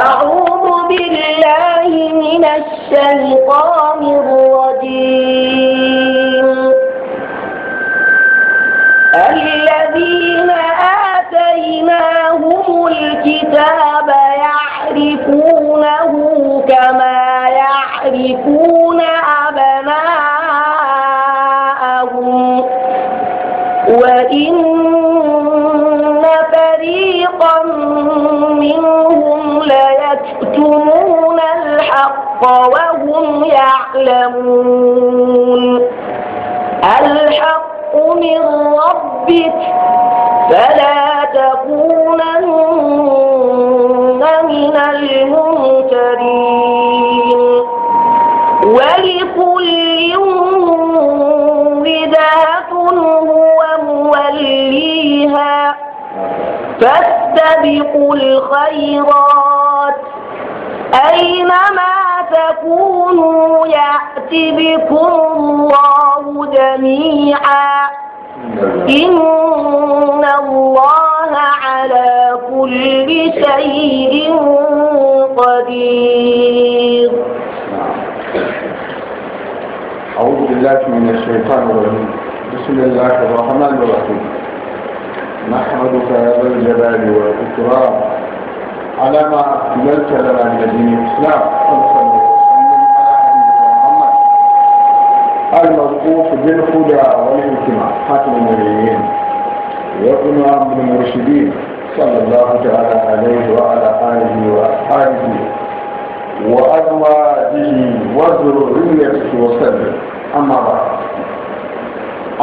أعوذ بالله من الشيطان الرجيم الذين آتيناهم الكتاب يعرفونه كما يعرفون يعلمون الحق من ربك فلا تكونن من الممترين ولكل بدعة هو موليها فاستبقوا الخيرات أينما تكونوا يأت بكم الله جميعا إن الله على كل شيء قدير أعوذ بالله من الشيطان الرجيم بسم الله الرحمن الرحيم نحمدك يا ذا الجلال والإكرام على ما أكملت لنا من دين الإسلام الموقوف بالهدى والحكمة حتم المؤمنين وإمام المرشدين صلى الله تعالى عليه وعلى آله وأصحابه وأزواجه وذريته وسلم أما بعد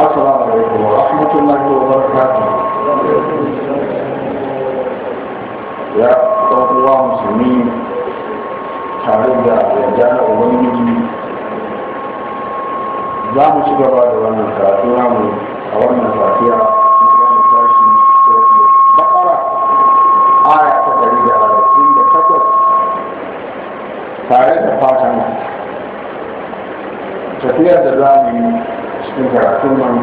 السلام عليكم ورحمة الله وبركاته يا الله المسلمين تعالوا يا جانا ومنجي za mu ci gaba da wannan karatu namu a wannan safiya bakara aya ta da arba'in da takwas tare da fatan Tafiya da za mu yi cikin karatu nan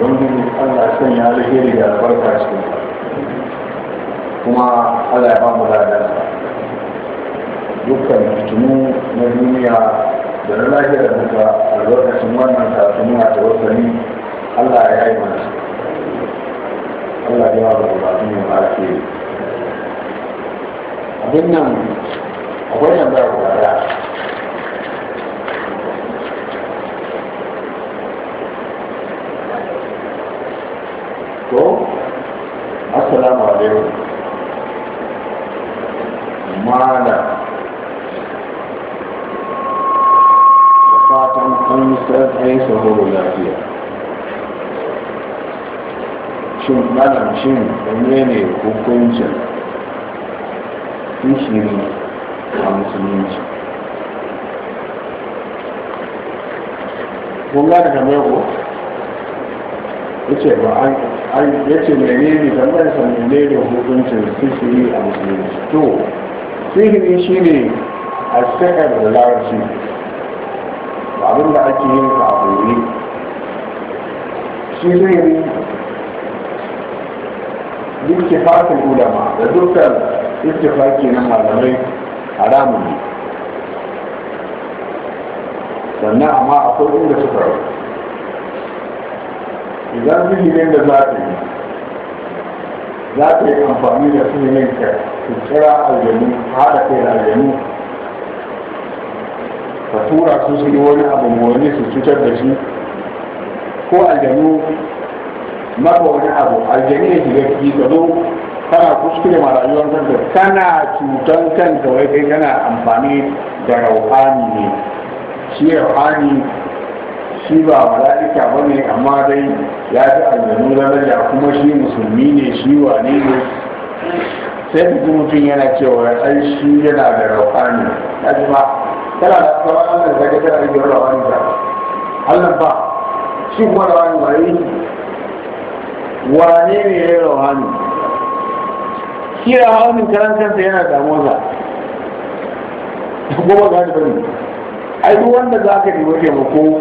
don gini allah san ya alheri da albarka cikin kuma allah ya ba mu ladarsa dukkan fitinu na duniya da na lafiyar da muka albarkacin wannan karatu muna ta allah ya yi mana allah ya da bukatu ne ake abin nan shi ne ne hukuncin kishiri a musulunci kuma da kamar ku yace ba an yace ne kamar sa ne menene hukuncin kishiri a musulunci to sihiri shine a sakar da larabci abin da ake yin ka a shi sihiri ittifaqul ulama da dukkan ittifaqi na malamai haramu ne sannan amma akwai inda suka rau idan zihirin da za ta yi za ta yi amfani da zihirin ka su kira aljanu haɗa kai da aljanu ka tura su su yi wani abu wani su cutar da shi ko aljanu maka wani abu aljani ya shiga ciki ka zo kana kuskure ma rayuwar kanka kana cutan kanka wai kai kana amfani da rauhani ne shi rauhani shi ba mala'ika ba ne amma dai ya fi aljanu daraja kuma shi musulmi ne shi wane ne sai duk mutum yana cewa ai shi yana da rauhani ya ji ba kana da tsawon da zaka tana da rauhani ta Allah ba shi kuma rauhani ba yi wane ne ya yi rauhani shi rauhanin karan kansa yana damuwarsa goma ga da bane ai duk wanda za ka nemi mako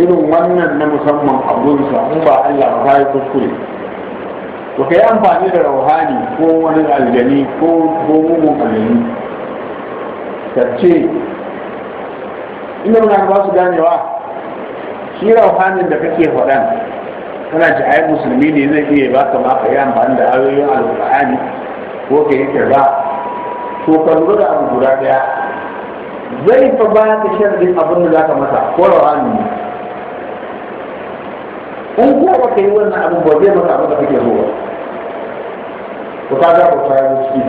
irin wannan na musamman abunsa in ba Allah ba ya kuskure to kai amfani da rauhani ko wani aljani ko gomogon aljani ka ce ina na ba su ganewa shi rauhanin da kake faɗan kana ji ai musulmi ne zai iya baka ma kai yi amfani da ayoyin alqur'ani ko ke yi ba to ka lura da abu guda daya zai fa ba ka sharrin abin da za ka masa ko rawani ne in ko ba ka yi wannan abin ba zai maka abin da kake so ba ko ka ga bauta yi wuce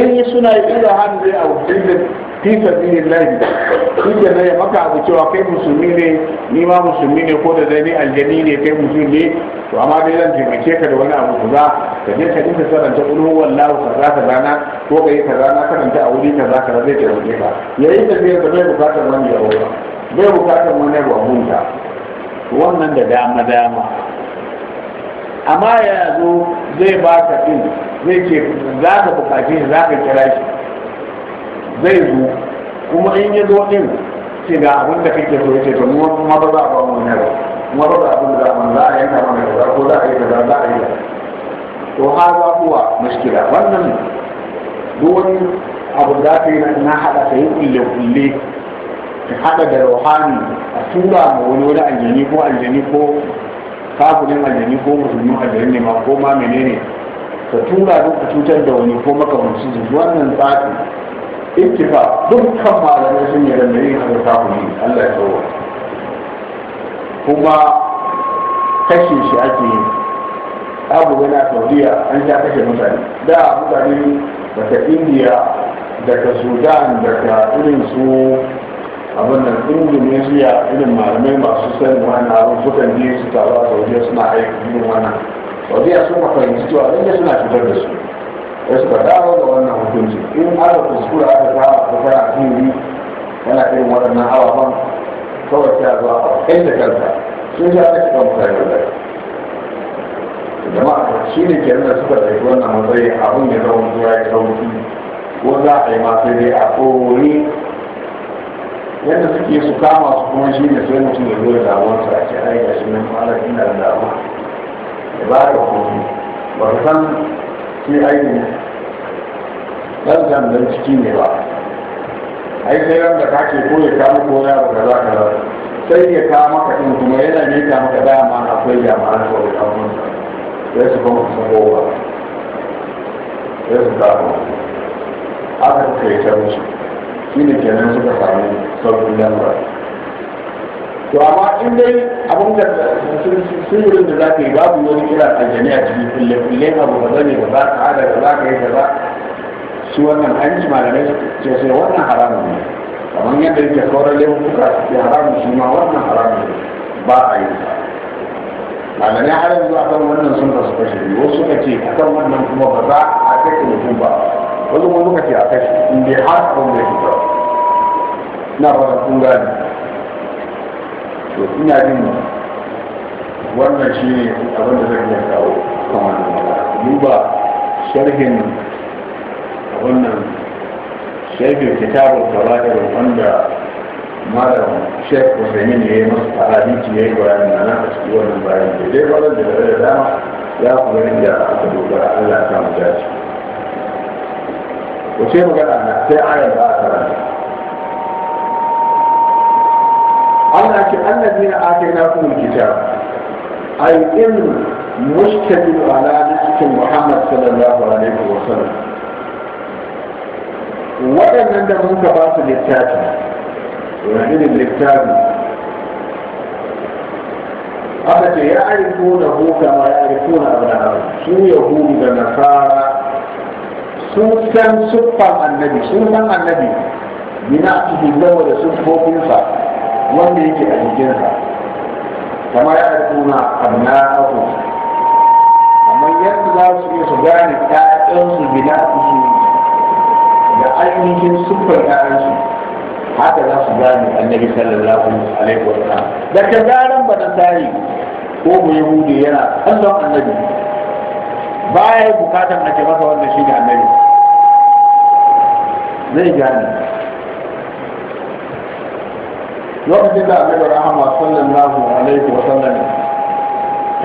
in yi suna yi ila hannu zai a wuce fi sabilillahi shi ke zai maka abu cewa kai musulmi ne ni ma musulmi ne ko da zai ni aljani ne kai musulmi ne to amma dai zan taimake ka da wani abu za ka je ka dinka karanta ulul wallahu kaza kaza na ko ka yi kaza na karanta a wuri kaza kaza zai taimake ka yayin da zai zama bukatar wani ya aura zai bukatar wani ya hunta wannan da dama dama amma ya zo zai ba ka din zai ce za ka bukaci shi za ka kira shi zai zo kuma in yi zo din ce ga abin da kake so ce, to mu ma ba za a ba mu ne ba mu ba za a abin da za a yanka mana kaza ko za a yi kaza za a yi to ha za kuwa mushkila wannan duwani abu da ka yi na haɗa ka yi kulle kulle ka haɗa da rohani a tura ma wani wani aljani ko aljani ko kafirin aljani ko musulmin aljani ne ma ko ma menene ka tura duk ka cutar da wani ko makamanci wannan tsaki ittifa dukkan malamai sun yi da mai ku yi, Allah ya tsawo kuma kashe shi ake yi abu yana Sa'udiyya an sha kashe mutane da mutane daga indiya daga sudan daga irin su abin da indonesia irin malamai masu sanin wannan abin sukan je su taru a saudiya suna aiki irin wannan saudiya sun makarantu cewa inda suna cutar da su ya suka dawo da wannan hukunci in aka kuskura aka kawo a kusa a fili yana irin waɗannan hawa kawai ta zuwa a kai da kanta sun sha ta shiga mutane da jama'a shi ne kenan da suka ɗauki wannan matsayi abin ya zama kura ya sauki ko za a yi masu dai a kowani yadda suke su kama su kuma shi ne sai mutum ya zo da damuwarsa a ce ai ga shi nan malar ina da damuwa ya ba ka kofi ba ka san sai aiki ɗan sandan ciki ne ba ai sai ran da kake ko ya kama ko ya ba za ka sai ya kama maka ɗin kuma yana ka maka dama akwai jama'an tsaro a wurin ya su kuma kusa kowa ya su kama aka kai ta wuce. shi ne kenan suka sami sauƙin yamma. to amma in dai abin da sirrin da za ka yi babu wani kira a a cikin kulle-kulle abu ba zane ba za ka hada da za ka yi da za su wannan an ji malamai ce sai wannan haramun ne kamar yadda yake sauran laifuka su ke haramun shi ma wannan haramun ne ba a yi malamai har yanzu a kan wannan sun kasu kashe biyu wasu suka ce a kan wannan kuma ba za a kashe mutum ba wasu kuma suka ce a kashe in dai har abin da ya fi na fara kun gane to ina jin wannan shi ne abin da zan iya kawo kan wannan magana duba sharhin wannan sharhin kitabun kabatar wanda malam shek usaimin ya yi masa ta'adiki ya yi bayanin na nan a cikin wannan bayan da dai wannan da da dama ya kuma da aka dogara Allah ta mu dace wace magana na sai ayan ba a karanta Allah ce na kuma alkitab Ai ilm mustamil ala nafsi Muhammad sallallahu alaihi wa sallam waɗannan da mun ba su littafi wani littafi aka ce ya aiko na huka ma ya aiko na abu su yahudu da nasara sun san siffan annabi sun san annabi yana cikin zama da siffofinsa wanda yake a jikinsa kamar ya tuna kamna aku kamar yadda za su iya su gane ƴaƴansu bila su da ainihin sufar ƴaƴansu haka za su gane annabi sallallahu alaihi wa sallam da ka zaran ba tsari ko mu yahudi yana kallon annabi baya bukatar ake masa wannan shi ne annabi zai gane lokacin da annabi rahama sallallahu alaihi wa sallam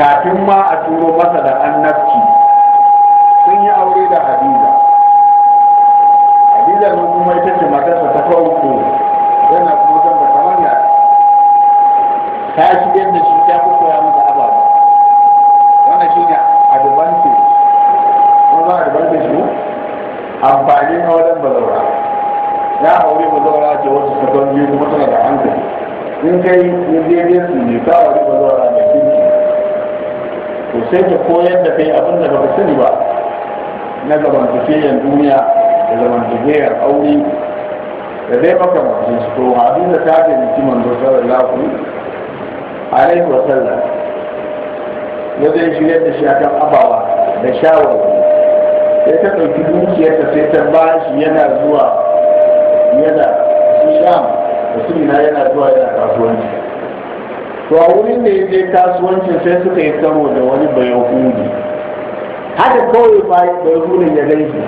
kafin ma a turo masa da annabci sun yi aure da hadiza hadiza nan kuma ita ce matarsa ta farko yana kuma zan da kamar ya ta shigar da shi ta koya masa ababa wannan shi ne advantage kuma za a advantage ne amfani in kai ya daidai su ne ta wani ba mai ranakin ki to sai ta koyar da kai abin da baka sani ba na zamantakewar duniya da zamantakewar aure da dai makamancin su to hadiza ta taimaki manzo sallallahu alaihi wa sallam wajen shirya da shi akan abawa da shawar. sai ta ɗauki dukiyarta sai ta bashi yana zuwa yana sham mutum na yana zuwa yana kasuwanci to a wurin da ya kasuwanci kasuwancin sai suka yi karo da wani bayahudi haka kawai bayahudin ya gaishe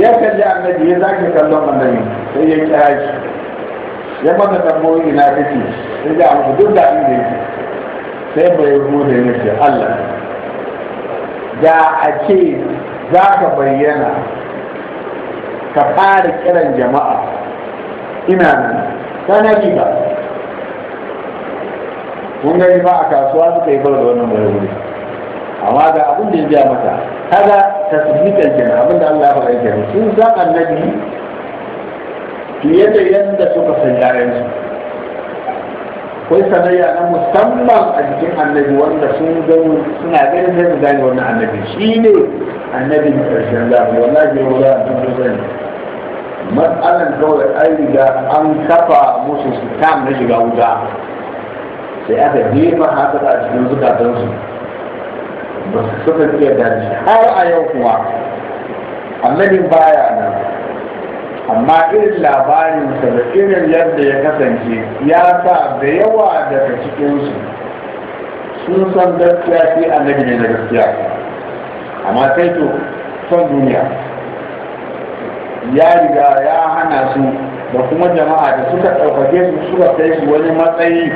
ya kalli annabi ya zaki kallon annabi sai ya kira shi ya maka tambayoyi ina kake sai ga amsa duk da abin da yake sai bayahudi ya ce Allah da a ce za ka bayyana ka fara kiran jama'a ina nan na ji ba mun gani ba a kasuwa suka yi fara da wannan wuri amma ga abin da ya biya mata kaga tasbitan kankan abin da Allah ba faɗa kenan sun san annabi fiye da yadda suka san yayan su kai sanayya na musamman a jikin annabi wanda sun gani suna ganin sai su gane wannan annabi shi ne annabin karshen zafi wallahi ya wura a cikin matsalan kawai an riga an kafa musu sitam na shiga wuta sai aka jefa haka a cikin zukatansu ba su suka iya shi har a yau kuma annabin baya nan amma irin labarin sa da irin yadda ya kasance ya sa da yawa daga cikinsu sun san gaskiya sai annabi ne na gaskiya amma sai to son duniya ya riga ya hana su da kuma jama'a da suka ɗaukake su suka kai su wani matsayi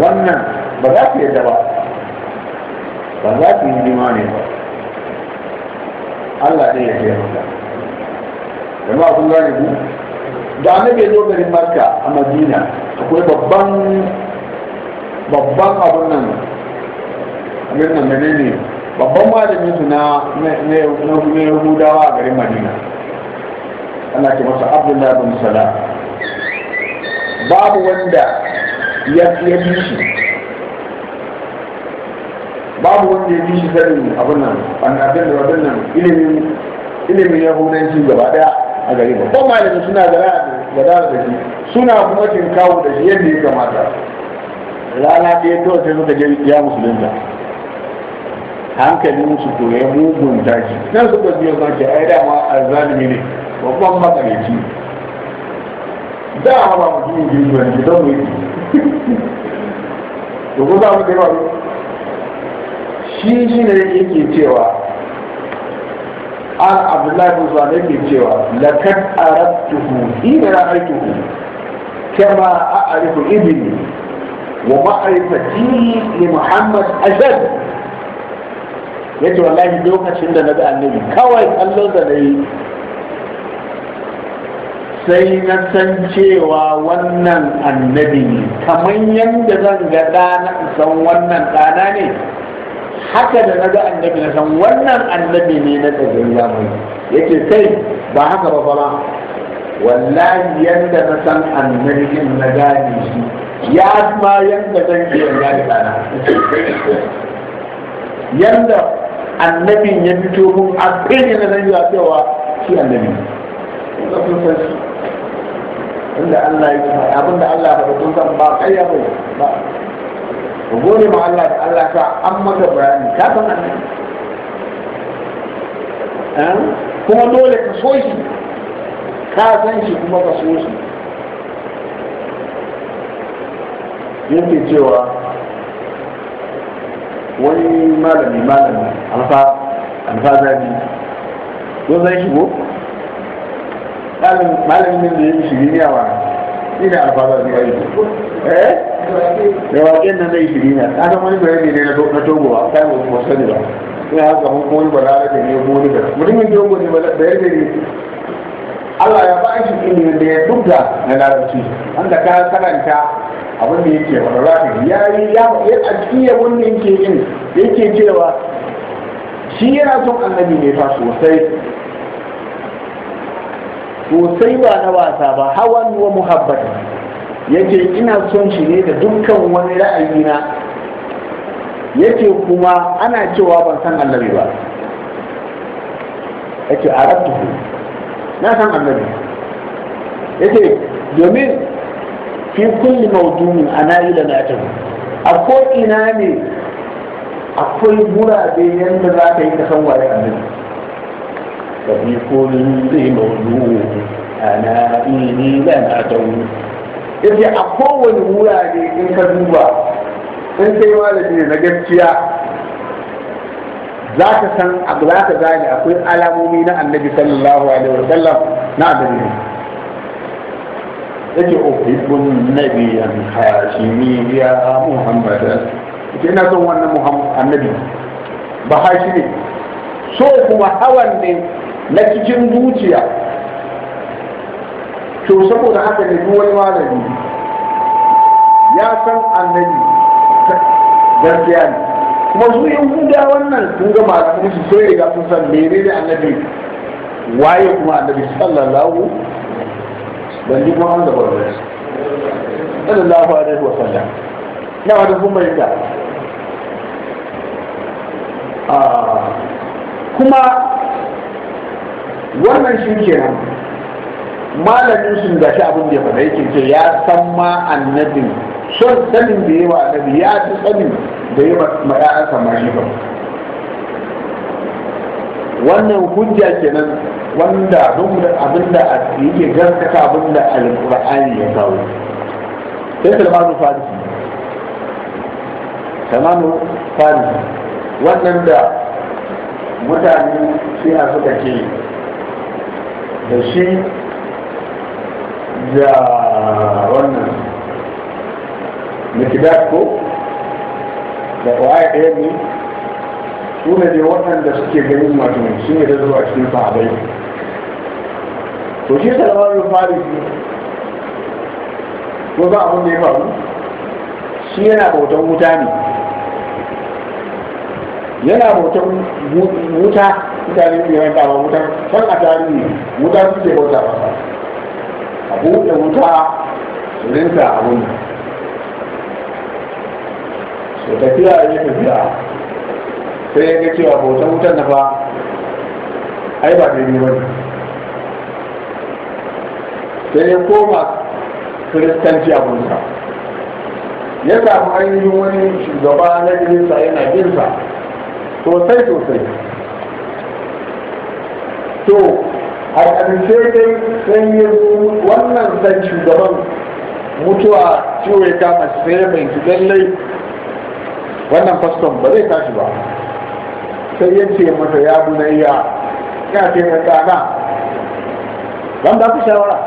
wannan ba za ku yadda ba ba za ku yi ne ba Allah ɗaya ya da. jama'a kun gane ku da an ya zo garin Makka a Madina akwai babban babban abun nan abin nan menene ne babban malamin su na yahudawa a garin madina ana ce masa abdullah bin salam babu wanda ya ya bi shi babu wanda ya bi shi sanin abin nan annabin da abin nan ilimin ilimin yahudanci gaba daya a gari babban malamin suna gada da shi suna kuma kawo da shi yadda ya kamata rana ɗaya kawai sai suka je ya musulunta hankalin su to ya mugun daji nan suka biyo ma ce ai dama azalimi ne babban matsalaci da a mu mutum yi ban ji don mu yi to ko za mu da yawa shi shi ne yake cewa an abdullahi bin ne yake cewa lakad arabtuhu ina ra'aytuhu kama a'rifu ibni wa ma'rifati li muhammad ashad ya wallahi lokacin da na ga annabi kawai kallon da na yi sai na san cewa wannan annabi ne kamar yadda zan ga ɗana san wannan ɗana ne haka da na ga annabi na san wannan annabi ne na tsagen zamani ya ce kai ba haka ba fara wallahi yadda na san annabi na gane shi ya ma yadda zan iya gane ɗana yadda annabi ya fito mun a bayyana na nan cewa shi annabi inda Allah ya yi abin da Allah ba tun san ba kai ya bai ba ku gode ma Allah da Allah ta an maka bayani ka san annabi kuma dole ka so shi ka san shi kuma ka so shi yake cewa wani malami malami alfa alfa zabi ko zai shigo malamin nan da ya yi ne yawa ni ne alfa zabi ya yi eh da waken nan zai shiri ne a kan wani bayani ne na togo a kai wasu wasu ne ba ina haka mun kuma balare da ne ko ni da mutumin togo ne da ya ne Allah ya ba shi ilimin da ya dubda na larabci Wanda ka karanta abin da yake wani rafin ya yi ya a cikin wanda yake yin yake cewa shi yana son annabi ne fa sosai sosai ba na wasa ba hawan wa muhabbata yake ina son shi ne da dukkan wani ra'ayi na yake kuma ana cewa ban san annabi ba yake arabtu na san annabi yake domin fi kulli mawdumin ana yi da natin a ko ina ne yadda za ka yi ka san a wurare in ka duba in na gaskiya za ka san za ka gane akwai alamomi na annabi sallallahu alaihi wasallam na annabi yake nabi ya hashimi ya muhammadan ke na son wannan annabi ba hashimi so kuma hawan ne na cikin zuciya to saboda haka ne duk wani malami ya san annabi gaskiya ne kuma su huda wannan sun ga malamin su sai ya ga sun san menene annabi waye kuma annabi sallallahu da ji kuma wanda gwamnati sallallahu alaihi wa sallam na wani kuma da. Ah, kuma wannan shi ke nan, malamin sun gashi abin da ya faɗa yake ce ya san ma annabin son sanin da yawa annabi ya fi sanin da yawa ma ya'ansa ma shi ba wannan hujja kenan wanda duk abinda yake gaskata abinda alqur'ani ya kawo sai salmanu farisi salmanu farisi wannan da mutane a suka ce da shi da wannan mikidat ko da waye ɗaya ne suna ne waɗanda suke ganin wato su ne da zuwa cikin sahabai to shi fari su ko ba abin da ya faru shi yana bautan wuta ne yana bautan wuta mutane ne yawan dama wuta can a tarihi wuta suke bauta masa a buɗe wuta su rinta abin su tafiya ya tafiya sai ya ga cewa bautan wutan na fa ai ba daidai ba ne sai ya koma kiristanci bunsa ya samu ainihin wani shugaba na irinsa yana jinsa sosai sosai to a ƙarshe dai sai ya wannan zan shugaban mutuwa ciwo ya kama sai ya mai lallai wannan faston ba zai tashi ba sai ya ce mata ya bunayya ya ce ya tsana ban ba ku shawara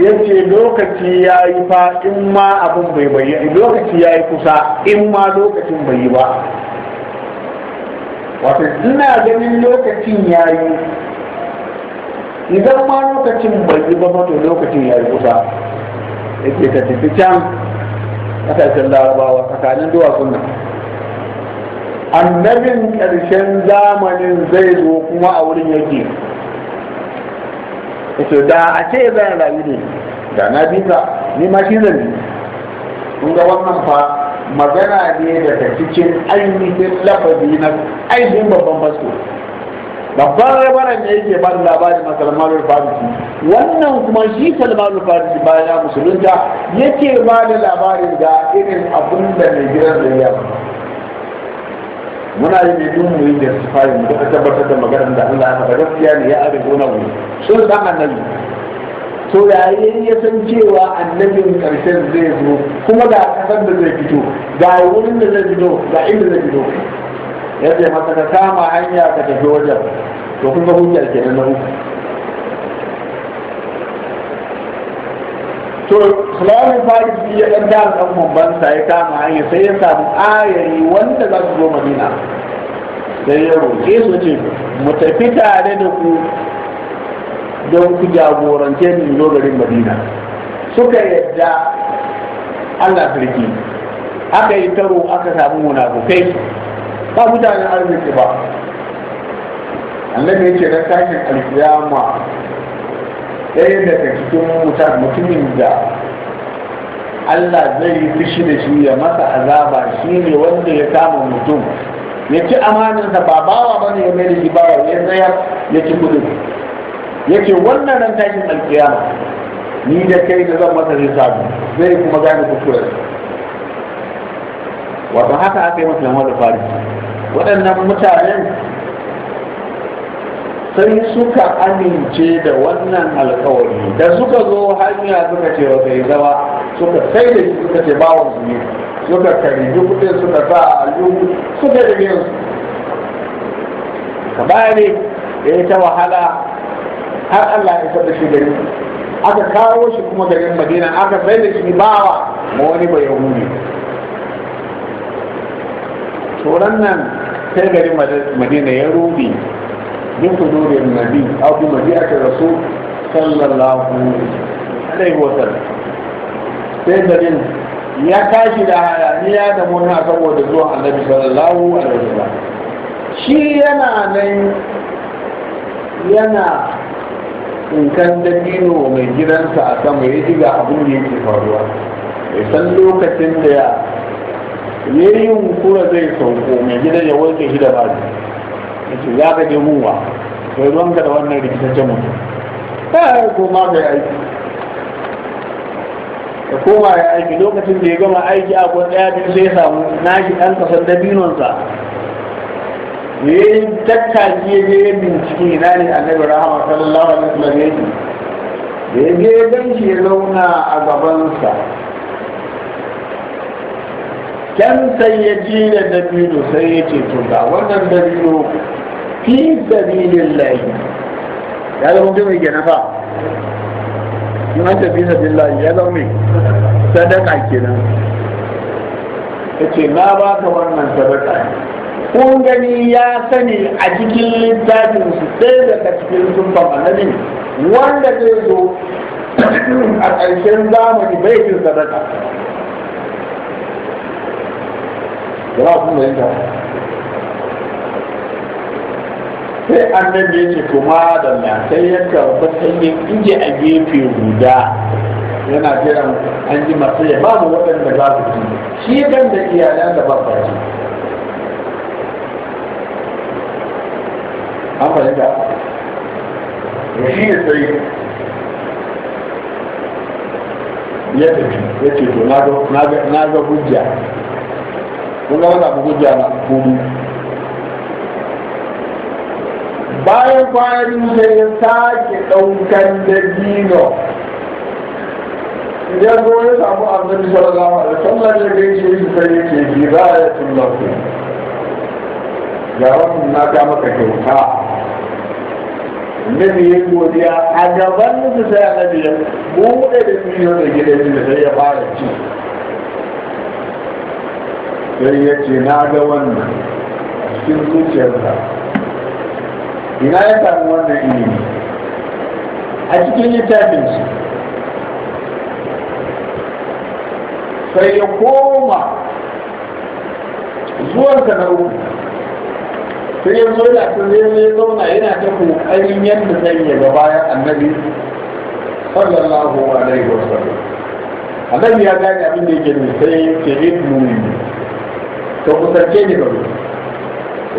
ya ce lokaci ya yi fa in ma abin bai bayyana lokaci ya yi kusa in ma lokacin bai yi ba wato ina ganin lokacin ya yi idan ma lokacin bai yi ba mato lokacin ya yi kusa Ya ke ka tafi can ƙasashen larabawa tsakanin duwatsun nan annabin ƙarshen zamanin zai zo kuma a wurin yake ita da a ce zan rayu ne da na bi ka ni ma shi zan kun ga wannan fa magana ne daga cikin ainihin lafazi na ainihin babban basko. babban rabaran da yake ba da labarin na salmanul farisi wannan kuma shi salmanul farisi bayan musulunta yake ba da labarin ga irin abin da mai gidan zai yi muna yi ne dun mu yi da sifari mu tabbatar da maganar da Allah ya faɗa gaskiya ne ya arziki na wuri sun san annabi to yayin ya san cewa annabin karshen zai zo kuma ga kasar da zai fito ga wurin da zai fito ga inda zai fito ya ce masa ka kama hanya ka tafi wajen to kun ga hujjar kenan na uku to sulaiman farisi ya dan da kan bambansa ya kama hanya sai ya samu ayari wanda za su zo madina sai ya roƙe su ce mu tafi tare da ku don ku jagorance ni zo garin madina suka yadda allah sarki aka yi taro aka samu munafukai ba mutanen arziki ba annabi ya ce na kashin alkiyama ɗaya daga cikin mutum mutumin da Allah zai yi fushi da shi ya masa azaba shi ne wanda ya kama mutum ya ci amaninsa ba bawa bane ya mai da shi bawa ya tsaya ya ci kudu ya ce wannan ran tashin alkiyama ni da kai da zan masa hisabi zai kuma gane kuskuren wato haka aka yi masa yamma da fari waɗannan mutanen sai suka amince da wannan alkawari da suka zo hanya suka ce wa bai zama suka sai da shi suka ce bawon su ne suka karibi kudin suka sa a aljuhu suka da biyan su Ka ne da ya ta wahala har Allah ya saba shi gari aka kawo shi kuma garin madina aka sai da shi bawa ma wani bai yahudi turan nan sai garin madina ya rubi بحضور النبي أو بمجيئة الرسول صلى الله عليه وسلم سيدنا ya tashi da hayaniya da mota saboda zuwa annabi sallallahu alaihi wasallam shi yana nan yana tsinkan dabino mai gidansa a sama ya ji ga abin da yake faruwa bai san lokacin da ya yi yunkura zai sauko mai gida ya wanke shi da bani ka ce ya ka je muwa kai da wannan rikitaccen mutum ta eh, koma ka ya aiki ya koma ya aiki lokacin da ya gama aiki a kwan ɗaya biyu sai ya samu nashi ɗan kasar dabinonsa ya yi tattaki ya je bincike na ne annabi rahama sallallahu alaihi sallam ya je ya je gan shi ya zauna a gabansa can sai ya ji da dabino sai ya ce to ga wannan dabino fi sabilin lahi ya zama mutum mai gina fa in an tafi sabilin lahi ya zama mai sadaka kenan ya ce na ba ka wannan sadaka kun gani ya sani a cikin littafin su sai daga cikin na ne? wanda zai zo a ƙarshen zamani bai jin sadaka jama'a kuma yanka sai an annabi ya ce to madalla sai ya karɓi sanyin inji a gefe guda yana jiran an ji masu ya babu waɗanda za su ci shi kan da iyalan da ba ci an fahimta da shi ne sai ya tafi ya ce to na ga hujja kun ga wani abu hujja na hudu bayan kwana biyu sai ya sake ɗaukan da dino ya zo ya samu annabi da alaihi da ya gaishe shi sai ya ce hidayatun lakum ga wannan na ta maka kyauta annabi ya godiya a gaban su sai annabi ya buɗe da dino da gidan da sai ya fara ci sai ya ce na ga wannan cikin zuciyarsa ina ya samu wannan ilimi a cikin littafin shi sai ya koma zuwansa na uku sai ya zo da sun zai ya zauna yana ta kokarin yadda zai ya ga bayan annabi sallallahu alaihi wasallam annabi ya gane abin da yake ne sai ya ce ibnu to kusa ke ni gaba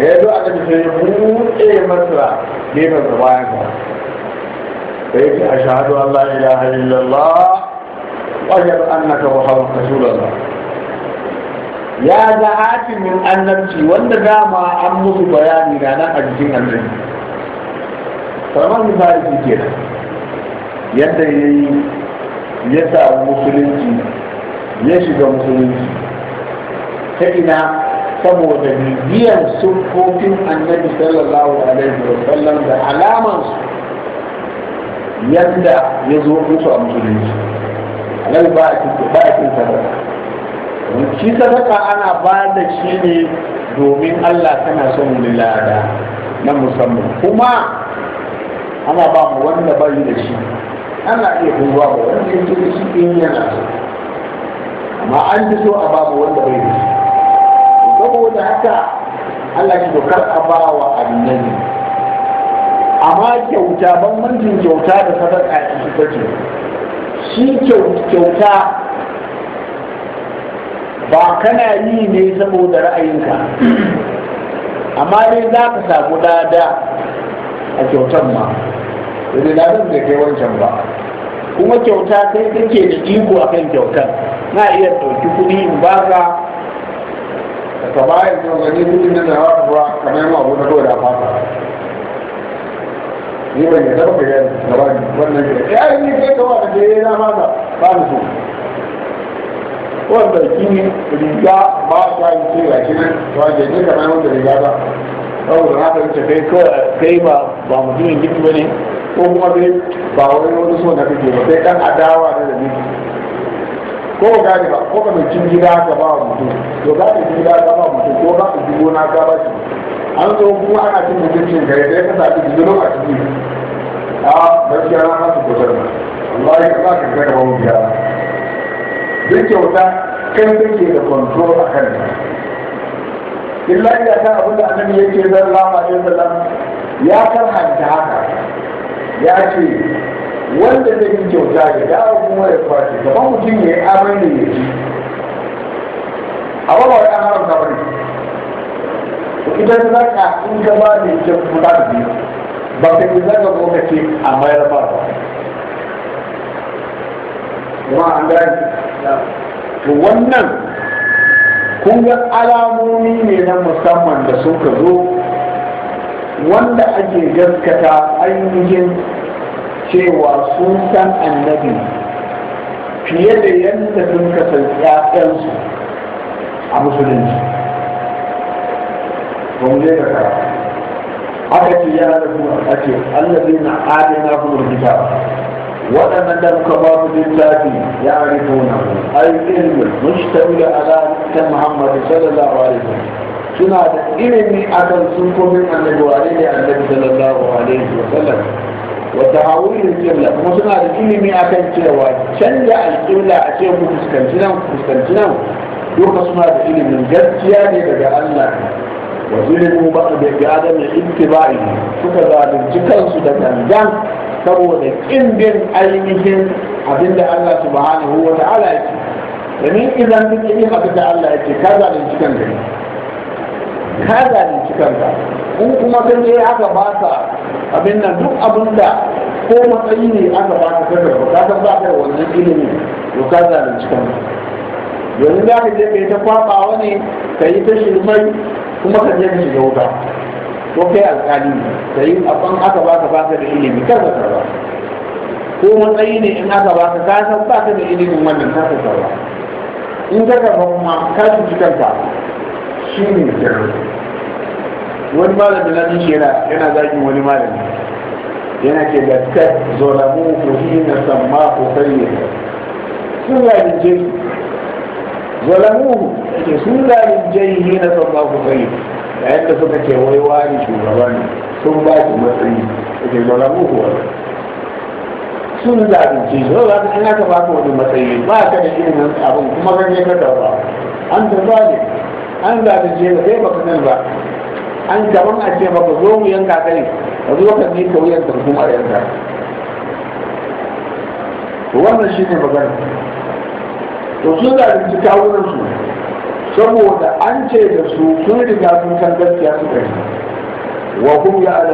ya yi zuwa gaji sai buɗe masa gefen sa bayan ka sai ce a shahadu Allah ilaha illallah wajen annaka muhammad rasulullah ya ga hatimin annabci wanda dama an musu bayani na nan a jikin annabi kamar misali shi kenan yadda ya yi ya samu musulunci ya shiga musulunci ta ina saboda bibiyar siffofin annabi sallallahu alaihi wa sallam da alamansu yadda ya zo musu a musulunci alal ba a cikin ba a cikin sadaka shi sadaka ana ba da shi ne domin Allah tana son lada na musamman kuma ana ba mu wanda bai da shi ana iya duba ba wanda ce da shi in yana amma an ji so a ba mu wanda bai da shi saboda haka Allah shi dokar a ba wa annabi amma kyauta ban bambancin kyauta da sadaka a ciki take shi kyauta ba kana yi ne saboda ra'ayinka amma dai za ka samu dada a kyautan ma da zan da kai wancan ba kuma kyauta kai kake da iko akan kyautan na iya ɗauki kuɗi in ba ka? كبائر تنظيم من الهواء كمان أبو ni ban yi ba ka da ba wannan gida ya yi ni kai kawai da na ba ni so wanda riga ba ta yi ce ga shi nan kamar wanda riga ba saboda na fahimta kai kai ba ba mutumin gidi ba ne ko kuma dai ba wani wani so na kake ba sai kan adawa ne da gidi ko ba gane ba ko mai cin gida ga ba wa mutum to ka cin gida ga ba mutum ko ka dauki gona ga ba shi an zo kuma ana cin mutuncin kai sai ka sa ki gidan a ciki a gaskiya na hasu kotar na wallahi ka ka kai ba mu biya duk kyauta kan take da control a kan ta illa ya ta abin da annabi yake zan lama alaihi wasallam ya karhanta haka ya ce wanda zai yi kyauta ya dawo kuma ya kwace gaban mutum ya yi amai da ya ji, a wawa ya haramta ba ne idan za ka in gaba da ya kuma za biyu ba ka yi zaga ko ka ce a mayar ba ba kuma an gani to wannan kun ga alamomi ne na musamman da suka zo wanda ake gaskata ainihin cewa sun san annabi fiye da yadda sun kasance ‘ya'yansu a musulunci ba mu je da kara aka ce yana da kuma a ce allazi na adina kuma rikita waɗannan da muka ba su littafi ya rikona ai ilmi mushtawila ala kan muhammadu sallallahu alaihi wasallam suna da ilimi akan sun komin annabi wa alaihi sallallahu alaihi wasallam wadda hawilin jimla kuma suna da ilimi akan cewa canja alƙibla a ce mu fuskanci nan fuskanci nan duka suna da ilimin gaskiya ne daga Allah wa zulimu ba da gada mai intiba'i suka zalunci kansu da gangan saboda kin bin ainihin abinda Allah subhanahu wa ta'ala yake domin idan kake yin abin Allah yake ka zalunci kanka ka zalunci kanka in kuma kan je aka baka abin nan duk abin da ko matsayi ne aka kada ba, ka san ba ka da wannan ilimin to ka zalunci kanka yanzu za ka je kai ta kwaba ne ka yi ta shirmai kuma ka je ka shiga wuta ko kai alƙali ne ka yi abin aka ba ka da ilimi kar ka karba ko matsayi ne in aka ba ka san ba ka da ilimin wannan kar ka karba in ka karba kuma ka shi kanka shi ne jarumai wani malami na nishi yana zagin wani malami yana ke da kat zolamu ko na samma ko karye sun zalunce zolamu ke sun shi na samma ko karye yayin da suka ce wai wani shugaba ne sun ba shi matsayi ke zolamu ko wani sun zalunce shi ina ka ba ka wani matsayi ba ka da irin abin kuma ka je ka karba an ta zalim an da ka sai baka nan ba an gaban a ce maka zo mu yanka kai ka zo ka ne ka wuyan tarkuma yanka wannan shi ne magana to su zalunci kawunan su saboda an ce da su sun riga sun san gaskiya suka yi wa kuma ya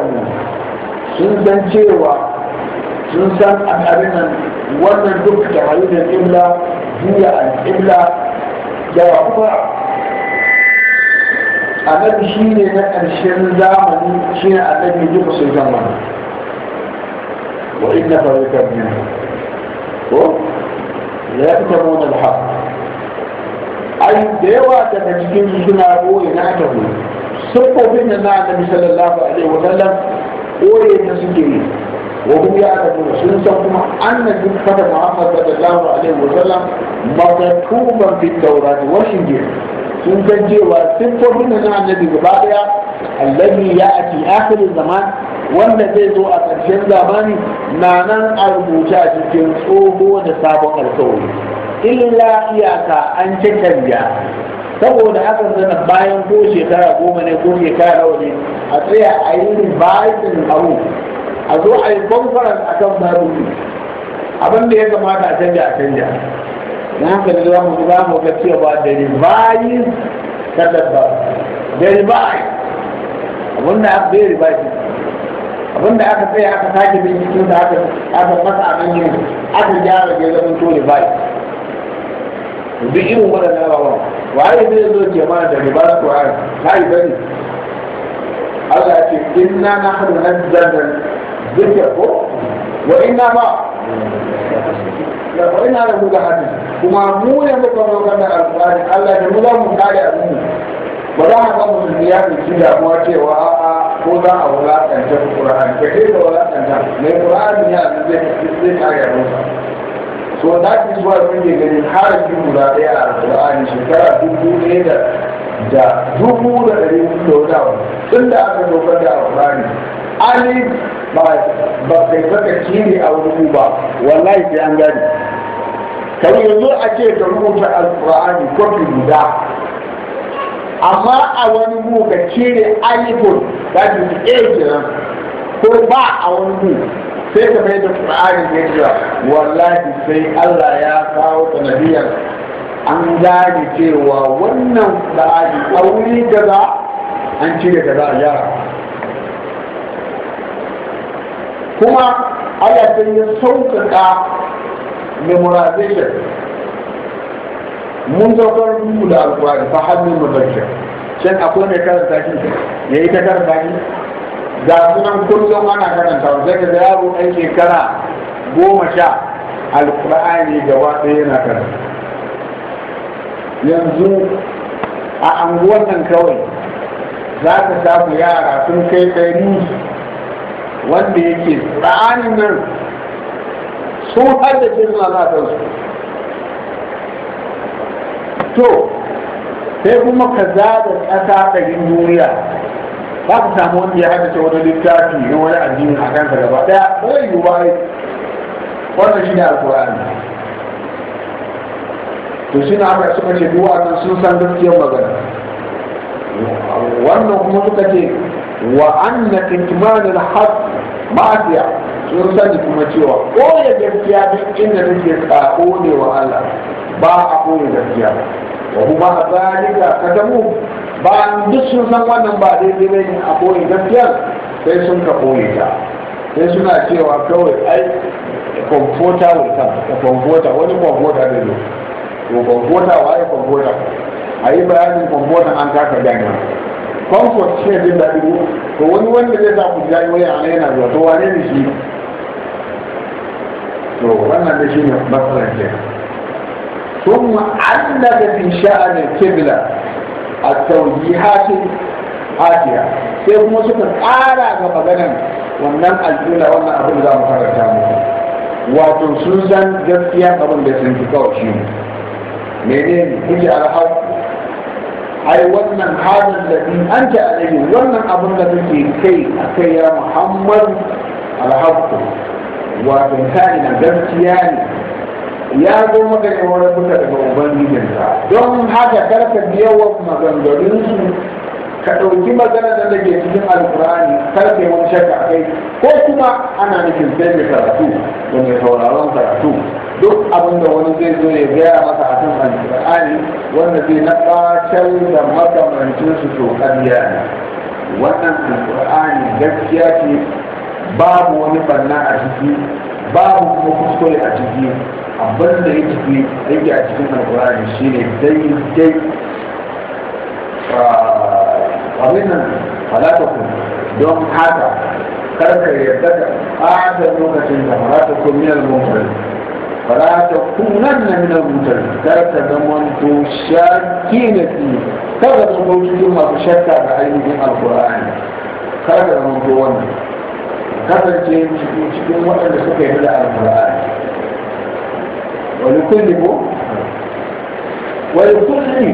sun san cewa sun san abin nan wannan duk da da ibla juya al-ibla da kuma annabi shi ne na ƙarshen zamani shi ne annabi ji musu zamani wa inna fariqan minhum ko la yaktabuna al-haq ai da yawa daga cikin su suna boye na ta mu sufofin da na annabi sallallahu alaihi wa sallam boye ta suke yi wa hum ya'lamun sun san kuma annabi kada Muhammad sallallahu alaihi wa sallam maktuban bit-taurati wa injil sun san cewa siffofin da na annabi gaba daya allabi ya ati akhirin zaman wanda zai zo a ƙarshen zamani na nan a rubuta cikin tsoho da sabon alkawari illa iyaka an ci saboda aka zana bayan ko shekara goma ne ko shekara nawa ne a tsaya a yi revising abu a zo a yi conference a barutu abin da ya kamata a canja a canja da haka da zamu za mu ga cewa da ribayi ta dabba da ribayi abinda aka bai ribayi abinda aka tsaya aka sake bin cikin da aka aka fasa abin yin aka gyara da zaman to ribayi duk irin waɗannan rawan waye zai zo ke mana da ribar Qur'an kai bane Allah ya ce inna nahnu nazzalna dhikra ko wa inna ma kafa ina da muka hannu kuma mu ne muka roƙar da alƙur'ani Allah ne mu za mu kare mu. ba za a ga musulmi ya fi damuwa cewa a'a ko za a wulaƙanta Qur'ani ka ce da wulaƙanta mai Qur'ani ya zai zai kare abin so that is why when they get harafi guda ɗaya a Qur'ani shekara dubu ɗaya da da dubu da ɗari da wani abu tun da aka dokar da Qur'ani alif ba ba kai saka kiri a rubu ba wallahi sai an gani kan yanzu a ce ka rubuta alqur'ani kofi guda amma a wani gu ka kiri alifun da ki ke kenan ko ba a wani gu sai ka mai da ƙurani ne cewa wallahi sai Allah ya kawo sanadiyar an gane cewa wannan qur'ani aure da gaza. an cire da za a yara kuma Allah sai ya sauƙaƙa memorization mun zaukar muku da alƙur'ani ta hannun mabashir shan akwai mai karanta shi ya yi ta karanta shi ga sunan kullum ana karanta sai ka yaro ɗan shekara goma sha alƙur'ani da waɗe yana karanta yanzu a anguwan nan kawai za ka samu yara sun kai ɗari wanda yake tsarin nan sun hada jirgin zatansu to sai kuma ka zaga ƙasa ɗarin duniya ba ka samu wanda ya ta wani littafi na wani addini a kansa gaba ɗaya ba zai wa ba wannan shi ne alkur'ani to shi na haka suka ce duwatsun sun san gaskiyar magana wannan kuma suka ce wa anna kitman al يرسل sun sani kuma cewa ko ya gaskiya duk inda nake وهو ne wa Allah ba a koyi gaskiya a ba duk sun san wannan ba daidai ne a gaskiya sai sun ka koyi ta sai suna cewa kawai ai wani komfota ne waye yi bayanin kwamfutan an taka gani famfo shi ne jin daɗi ko to wani wanda zai sa ku ji daɗi wani ana yana zuwa to wane ne shi to wannan da shi ne matsalar ke ثم علق في شأن القبلة التوجيهات آتية sai kuma suka ƙara ga maganan wannan alƙila wannan abin da za mu karanta muku wato sun san gaskiya abin da sun fi kawai shi ne menene kuke alhaq ai wannan halin da in an ta alayhi wannan abin da kake kai a kai ya muhammad Wa wato kai na gaskiya ne ya zo maka ne wani kuka daga ubangijinka don haka karka maganganun maganganunsu ka ɗauki maganar da ke cikin alkurani kar ka shaka wani shakka kai ko kuma ana nufin sai mai karatu da mai sauraron karatu duk abin da wani zai zo ya gaya masa a kan alƙur'ani wanda zai na ɓacar da makamancin su to ƙarya ne wannan alƙur'ani gaskiya ce babu wani banna a ciki babu kuma kuskure a ciki abin da ya ciki yake a cikin alƙur'ani shine daidai ah, abin nan falatakun don haka karka yarda da ɓata lokacin da falatakun miyar mummunan فلا تكونن من المتردين كرت زمن شاكين فيه كرت زمن كما تشكى بعينهم القرآن كرت زمن كوانا كرت cikin waɗanda suka yi da alƙur'ani wani kulli ko wani kulli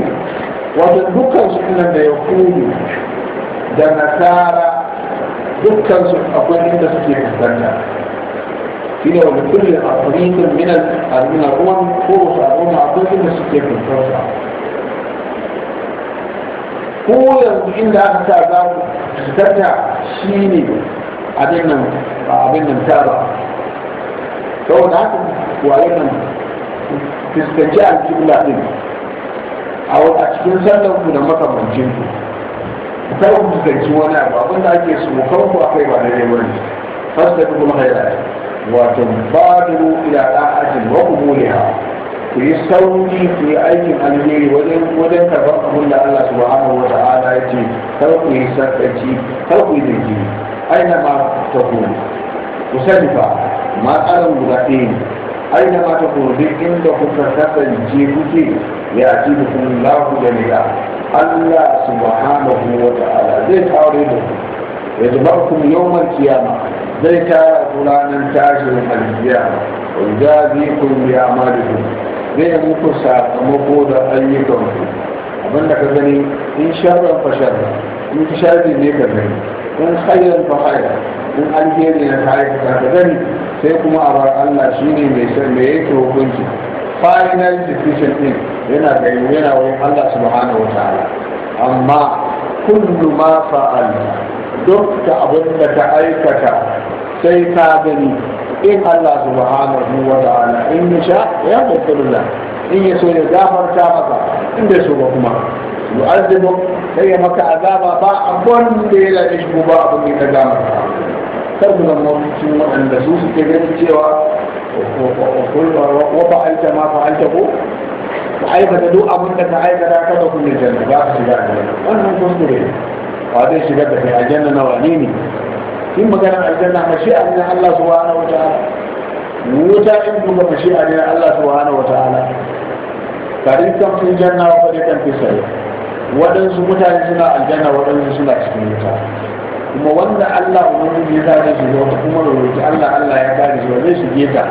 wato dukkan su nan da ya kuli da nasara dukkan su akwai inda suke fuskanta إلى وبكل طريق من من الأمم فرص الأمم عطية المستقبل فرص هو إلا أكثر ذات تتع شيني عدنا عدنا متابع فهو نعم وعلينا تستجاع الجبلة دي أو أتكين سنة وكنا مطر من جنبه وكانوا مستجوانها نعم. وأظن أكيس وكانوا أقريبا لديه وليه فاستجبوا الخيرات وتبادروا الى طاعه وقبولها يستوي في اي امر ولن وذن الا الله سبحانه وتعالى يجي توقي سرقتي توقي يجي اينما تكون مسلفا ما قال المغاتين اينما تكون ذكي تكون سرقتي جيبتي ياتيكم الله جميعا الله سبحانه وتعالى زي تعريضه يجمعكم يوم القيامه ذلك فلان تاج الحجية وجاديكم بأعمالكم ذي مقصة مقودة أيكم أقول لك بني إن شر فشر إن شر ليك بني إن خير فخير إن أنجيني نتعيك فتغني سيكم أرى أن شيني ميسميت وكنت فاينل ديسيشن إن هنا بيننا الله سبحانه وتعالى amma kullu ma fa'al duk da abin da ka aikata sai ka gani in Allah subhanahu wa ta'ala in ya sha ya gafarta in ya so ya gafarta maka in da so ba kuma yu'azzibu sai ya maka azaba ba abun da ya lafi shi ba abin da ya gama kar mu zama cikin waɗanda su suke ganin cewa wa fa'alta ma fa'alta ko حيث تدو أبنك حيث لا تدو من الجنة بعض شجاعة وانا من كنت بيه وهذا الشجاعة في الجنة نوانيني كما كان الجنة مشيئة من الله سبحانه وتعالى موتا انتم مشيئة من الله سبحانه وتعالى فريقكم في الجنة وفريقكم في السيئة وأن سمتا يسنا الجنة وأن سنا سمتا ثم وأن الله ومن يتعلم سيئة وتقوم الله الله يتعلم سيئة وليس جيئة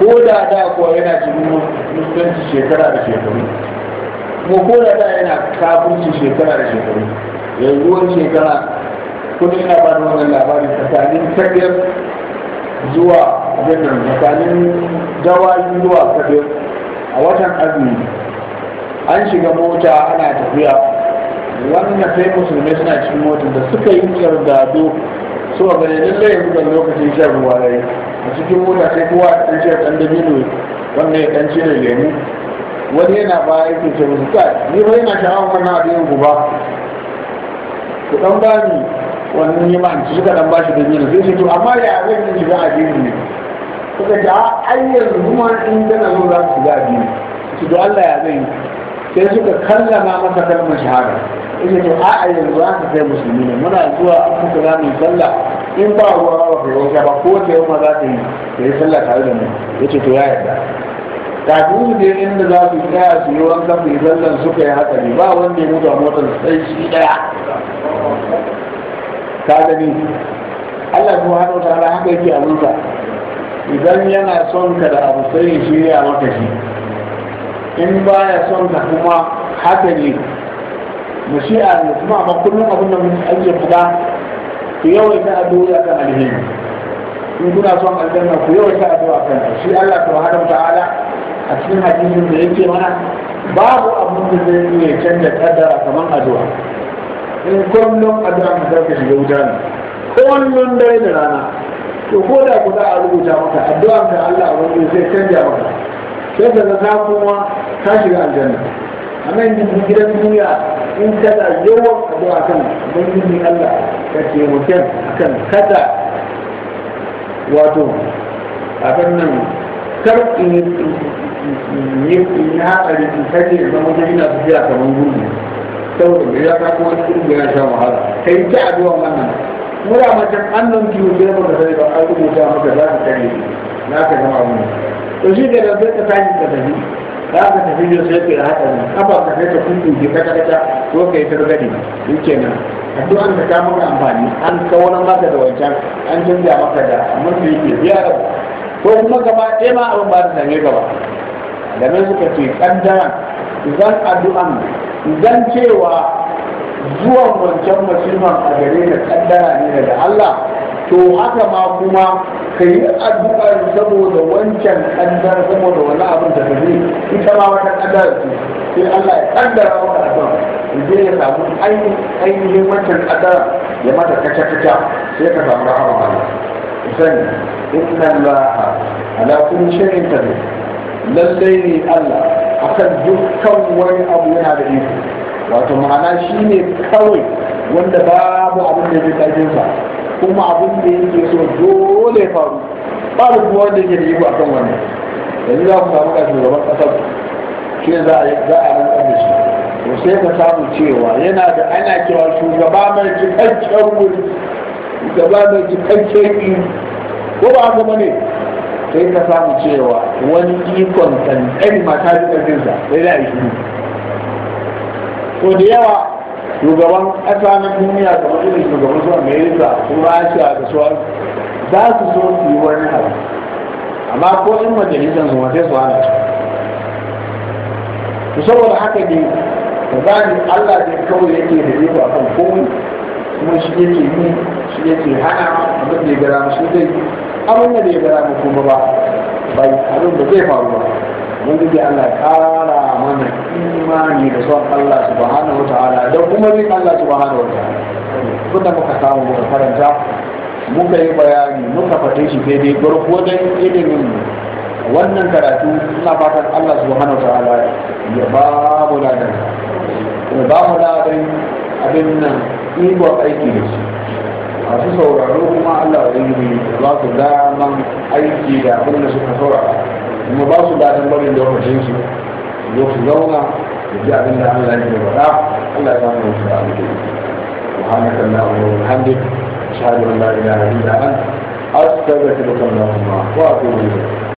ko da da kuwa yana cikin musulunci shekara da shekaru kuma ko da da yana kafurci shekara da shekaru yanzu shekara kuma ina ba da wannan labari tsakanin sakir zuwa abin tsakanin gawayi zuwa sakir a watan azumi an shiga mota ana tafiya wannan sai musulmai suna cikin motar da suka yi kyar gado suka gane lallai yanzu da lokacin shan ruwa ya a cikin mota sai kowa ya ɗan cire ɗan dabino wannan ya ɗan cire lemu wani yana ba ke ce musu kai ni ba yana sha'awar na abin ba. ku ɗan ba ni wani yi ma'an su suka ɗan ba shi dabino sai su to amma ya zan yi shiga addini ne suka ce a ayyar yanzu in gana zo za su shiga addini su to Allah ya zai sai suka kallama masa kalmar shahada ita to a'a yanzu za su kai musulmi ne muna zuwa an muka za sallah in ba ruwa ba ka yau ba ko ta ma za ta yi ta yi sallah tare da mu ya ce to ya yarda kafin su je inda za su tsaya su yi wanka su yi sallan suka yi hatsari ba wanda ya mutu a motar sai shi daya ka gani Allah subhanahu wata hana haka yake abunsa idan yana son ka da abu sai shi ya maka shi in baya son ka kuma haka ne mashi'a ne kuma amma kullum abin da ake fada ku yawaita addu'o'i akan alheri in kuna son aljanna ku yawaita addu'a kan shi Allah subhanahu ta'ala a cikin hadisin da yake mana babu abin da zai iya canza kaddara kamar addu'a in kullum addu'a ka ka shiga wuta ne kullum dare da rana to ko da ku za a rubuta maka addu'a ka Allah wani zai canja maka sai ka ga kuma ka shiga aljanna a nan gidan duniya in kada yawan addu'a kan ubangiji Allah ka ce mutum akan kada wato abin nan kar in yi haɗari in kaje da zama jami na tafiya kamar gurbi saboda ya ka kuma cikin da ya sha wahala kai ta addu'a wannan mura macen annan kiwo sai ba ka sani ba an rubuta maka za ka kare na ka zama abu ne to shi da sai ka tashi ka tafi za ka tafi yau sai ka yi haɗari kafa ka kai ka kuntu ke kata kata ko kai targadi a addu'an da ta maka amfani an kawo maka da wancan an canja maka da mulki yake biya da ko kuma gaba ɗaya ma abin ba da same gaba da nan suka ce kaddaran zan addu'an zan cewa zuwan wancan musulman a gare da kaddara ne daga Allah to haka ma kuma ka yi addu'ar saboda wancan kaddar saboda wani abin da ta zai ita ma wata kaddara ce sai Allah ya kaddara wata addu'a je ya samu ainihin wancan kadara ya mata kaca-kaca sai ka samu rahama Allah sani inna Allah ala kulli shay'in qadir lallai ne Allah akan dukkan wani abu yana da iko wato ma'ana shine kawai wanda babu abin da zai kaje kuma abin da yake so dole faru babu kuma wanda yake da iko akan wannan yanzu za ku samu kashin gaban ƙasar shi za a yi za a da shi to sai ka samu cewa yana da ana cewa shugaba mai cikakken wuri shugaba mai cikakken yi ko ba haka ba sai ka samu cewa wani ikon kankani mata da sai da aiki ko da yawa shugaban ƙasa na duniya da irin shugaban su amerika su rasha da su za su so su yi wani abu amma ko in majalisar su wata su hana su saboda haka ne ka Allah ne kawai yake da ba kan komai kuma shi yake yi shi yake hana abin da ya gara mu shi zai yi abin da ya gara mu kuma ba bai abin da zai faru ba mun ji Allah kara mana imani da son Allah subhanahu wa ta'ala da kuma bin Allah subhanahu wa ta'ala kuma muka samu muka karanta muka yi bayani muka fata shi daidai gwargwadon ilimin wannan karatu ina fatan Allah subhanahu wa ta'ala ya ba babu ladan ya ba mu labarin abin nan ikon aiki da shi masu sauraro kuma allah ya yi ba su daman aiki da abin da suka saurara kuma ba su daɗin barin lokacin su zo su zauna da ji abin da allah ya faɗa allah ya samu wasu abin da yake سبحانك اللهم وبحمدك أشهد أن لا إله إلا أنت أستغفرك اللهم وأتوب إليك